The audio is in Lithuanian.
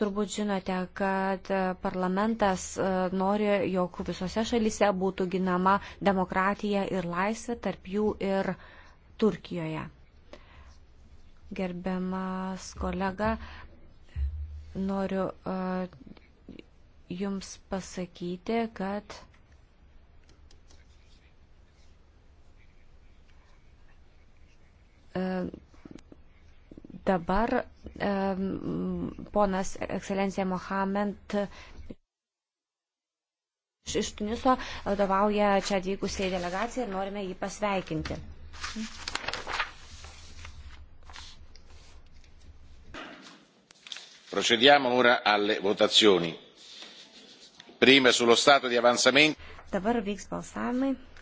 Turbūt žinote, kad e, parlamentas e, nori, jog visose šalyse būtų ginama demokratija ir laisvė, tarp jų ir Turkijoje. Gerbiamas kolega, noriu uh, Jums pasakyti, kad uh, dabar ponas ekscelencija Mohamed iš Tuniso vadovauja čia atvykusiai delegacijai ir norime jį pasveikinti. Procediamo ora alle votazioni. Prima sullo stato di avanzamento. Dabar vyks balsavimai.